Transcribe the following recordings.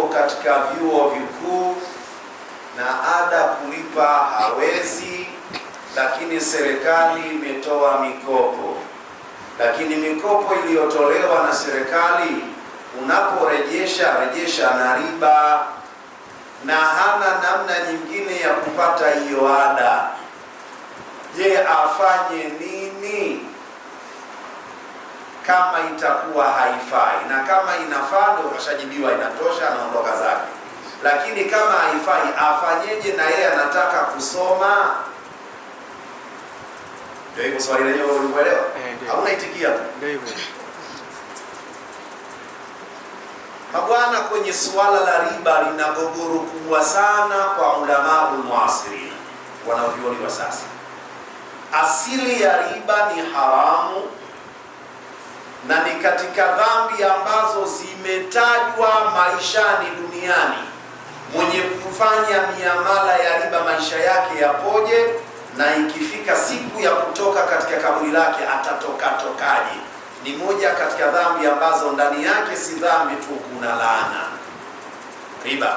yuko katika vyuo vikuu na ada kulipa hawezi, lakini serikali imetoa mikopo. Lakini mikopo iliyotolewa na serikali, unaporejesha rejesha na riba, na hana namna nyingine ya kupata hiyo ada. Je, afanye nini? kama itakuwa haifai, na kama inafaa ndio kashajibiwa, inatosha, anaondoka zake. Lakini kama haifai, afanyeje? Na yeye anataka kusoma. Ndio hivyo, swali lenyewe ulikuelewa? Eh, Hauna itikia tu, mabwana. Kwenye suala la riba lina gogoro kubwa sana kwa ulamau muasirina, wanavyoni wa sasa. Asili ya riba ni haramu na ni katika dhambi ambazo zimetajwa maishani duniani. Mwenye kufanya miamala ya riba maisha yake yapoje, na ikifika siku ya kutoka katika kaburi lake atatoka tokaje? Ni moja katika dhambi ambazo ndani yake si dhambi tu, kuna laana. Riba,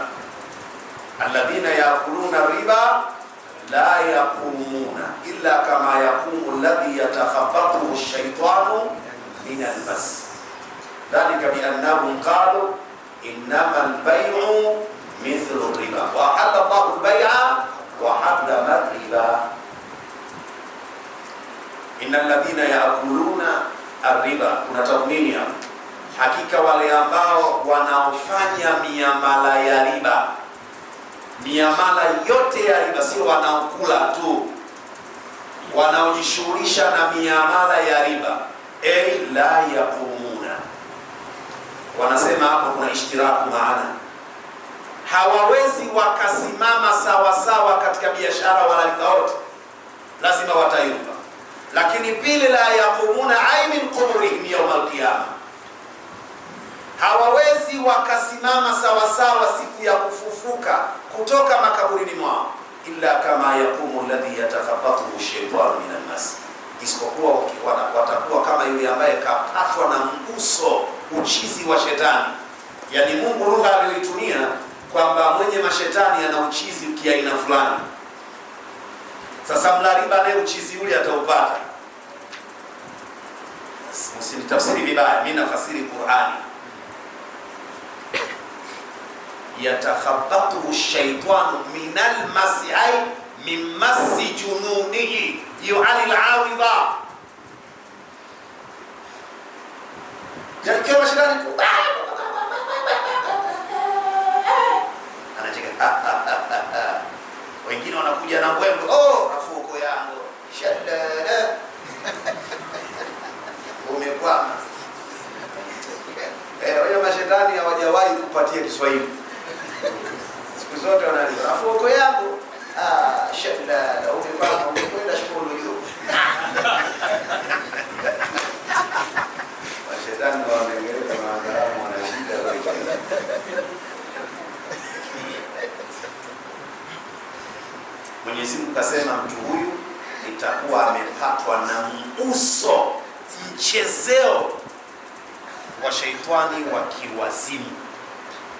alladhina yakuluna riba la yakumuna illa kama yakumu alladhi yatakhabbathu shaitanu min albas dhalika biannahum qalu innama albayu mithlu riba wa ahalla llahu lbaya wa riba inna ladhina yaakuluna arriba. Kuna tathmini hapo, hakika wale ambao wanaofanya miamala ya riba, miamala yote ya riba, sio wanaokula tu, wanaojishughulisha na miamala ya riba ay la yaqumuna. Wanasema hapo kuna ishtiraku maana, hawawezi wakasimama sawasawa katika biashara wala wote, lazima watayumba. Lakini pili, la yaqumuna ay min quburihim yawm alqiyama, hawawezi wakasimama sawasawa siku ya kufufuka kutoka makaburini mwao, illa kama yaqumu alladhi yatakhabbathu shaytanu min almas isipokuwa watakuwa kama yule ambaye kapatwa na mguso uchizi wa shetani. yani Mungu lugha aliyoitumia kwamba mwenye mashetani ana uchizi kiaina fulani. Sasa mlariba naye uchizi ule ataupata. Msinitafsiri vibaya, mimi nafasiri Qur'ani. yatakhabatuhu shaitanu min masai min massi junubihi yuani al anacheka wengine wanakuja na mbwembe, afuko yangu shadada umekwama. mashetani hawajawahi kupatia Kiswahili siku zote wanalipa rafuko yangu ah na na umekwenda shule hiyo. Mashetani wanaengeleka na wadalamu wana shida Mwenyezi Mungu kasema mtu huyu itakuwa amepatwa na mguso mchezeo wa sheitani wa kiwazimu,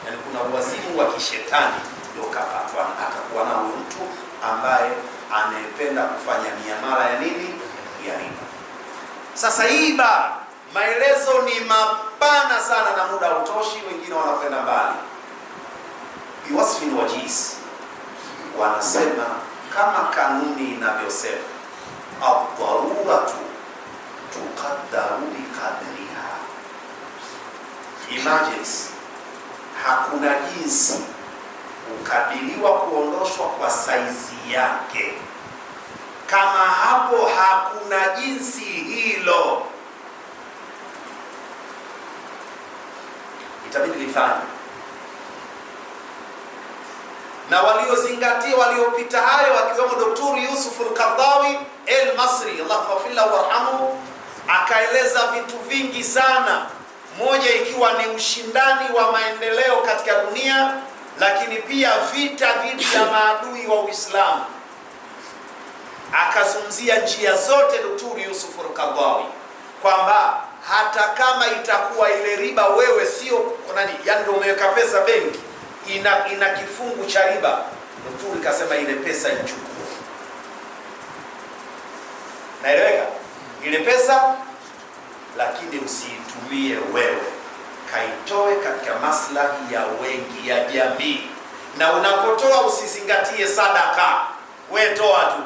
yaani kuna uwazimu wa kishetani ndio kapatwa, atakuwa na mtu ambaye anayependa kufanya miamala ya nini ya riba. Sasa iba, maelezo ni mapana sana na muda hautoshi, wengine wanakwenda mbali. Biwasfin wajiz wanasema kama kanuni inavyosema, adharuratu tuqaddaru biqadriha. Imagine hakuna jinsi kukabiliwa kuondoshwa kwa saizi yake. Kama hapo hakuna jinsi hilo, itabidi lifanye na waliozingatia waliopita hayo akiwemo Daktari Yusuf lkardawi El masri Allahumma ghfirlahu warhamhu, akaeleza vitu vingi sana, moja ikiwa ni ushindani wa maendeleo katika dunia lakini pia vita dhidi ya maadui wa Uislamu. Akazungumzia njia zote Dr. Yusuf al kwamba hata kama itakuwa ile riba wewe sio nani, yani ndio umeweka pesa benki, ina, ina kifungu cha riba. Dr. kasema ile pesa ichukue. Naeleweka? Ile pesa lakini usiitumie wewe kaitoe katika maslahi ya wengi ya jamii. Na unapotoa usizingatie sadaka, wewe toa tu,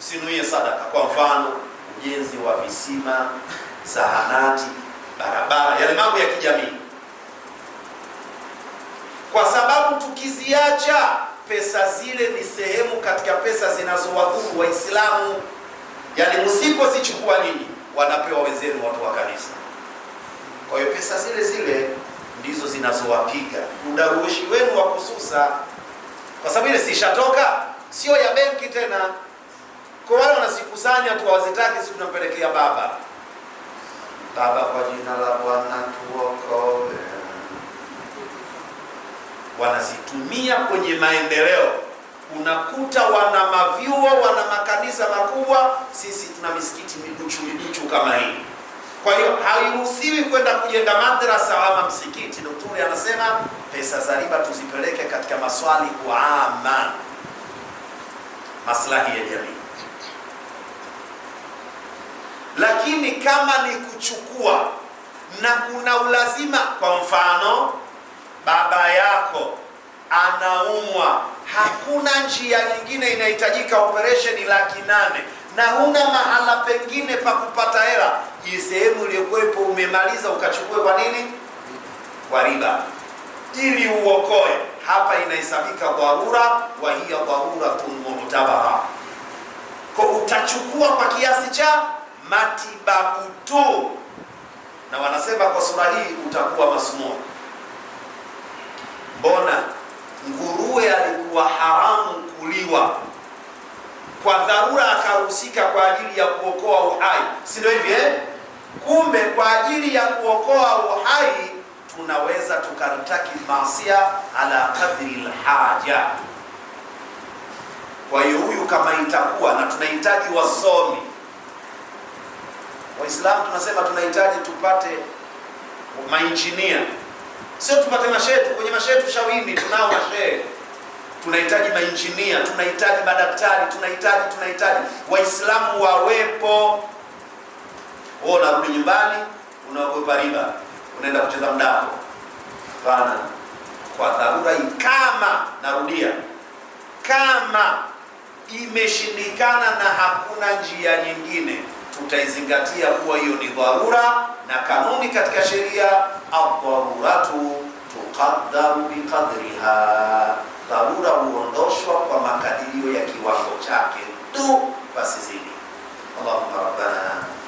usinuie sadaka. Kwa mfano, ujenzi wa visima, zahanati, barabara, yale mambo ya kijamii, kwa sababu tukiziacha pesa zile ni sehemu katika pesa zinazowadhuru Waislamu. Yani msipozichukua nini, wanapewa wenzenu, watu wa kanisa. Kwa hiyo pesa zile zile ndizo zinazowapiga udarushi wenu wa kususa, kwa sababu ile sishatoka sio ya benki tena. Kwa wale wanazikusanya tu hawazitaki, si tunampelekea baba. Baba, kwa jina la Bwana tuokoe. Wanazitumia kwenye maendeleo. Unakuta wana mavyuo, wana makanisa makubwa, sisi tuna misikiti miduchu miduchu kama hii. Kwa hiyo hairuhusiwi kwenda kujenga madrasa ama msikiti. Daktari anasema pesa za riba tuzipeleke katika maswali kuama maslahi ya jamii. Lakini kama ni kuchukua na kuna ulazima, kwa mfano baba yako anaumwa, hakuna njia nyingine inahitajika, operesheni laki nane na huna mahala pengine pa kupata hela, ni sehemu iliyokuwepo umemaliza ukachukue kwa nini? Kwa riba, ili uokoe. Hapa inahesabika dharura, wa hiya dharuratun mu'tabaha, kwa utachukua kwa kiasi cha matibabu tu, na wanasema kwa sura hii utakuwa masumuni. Mbona nguruwe alikuwa haramu kuliwa kwa dharura akahusika kwa ajili ya kuokoa uhai, si ndio hivi eh? Kumbe kwa ajili ya kuokoa uhai tunaweza tukartaki masia ala kadri lhaja. Kwa hiyo huyu kama itakuwa na tunahitaji wasomi Waislamu, tunasema tunahitaji tupate mainjinia, sio tupate mashehe. Kwenye mashehe tushawini, tunao mashehe tunahitaji mainjinia, tunahitaji madaktari, tunahitaji tunahitaji Waislamu wawepo. Wewe unarudi nyumbani unaogopa riba, unaenda kucheza mdako. pana. kwa dharura hii, kama narudia, kama imeshindikana na hakuna njia nyingine, tutaizingatia kuwa hiyo ni dharura, na kanuni katika sheria, adharuratu tuqaddaru biqadriha dharura huondoshwa kwa makadirio ya kiwango chake tu, basi zidi. Allahumma rabbana